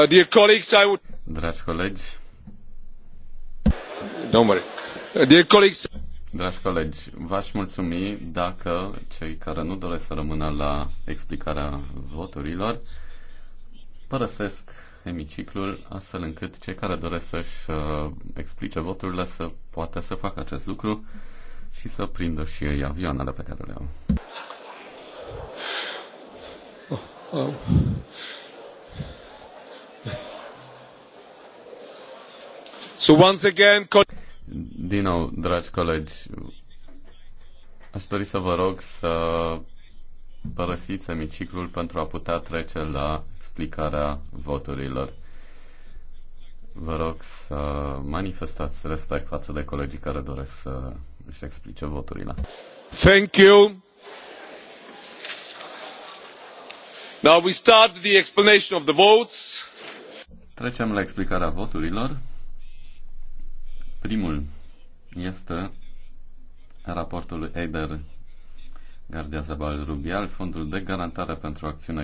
Uh, Dragi colegi. Uh, Dragi colegi, v-aș mulțumi dacă cei care nu doresc să rămână la explicarea voturilor părăsesc hemiciclul astfel încât cei care doresc să-și uh, explice voturile să poată să facă acest lucru și să prindă și ei avioanele pe care le au. Oh, oh. So once again, Din nou, dragi colegi, aș dori să vă rog să părăsiți semiciclul pentru a putea trece la explicarea voturilor. Vă rog să manifestați respect față de colegii care doresc să își explice voturile. Thank you. Now we start the explanation of the votes. Trecem la explicarea voturilor. Primul este raportul EIDER Gardia Zabal Rubial, Fondul de Garantare pentru Acțiune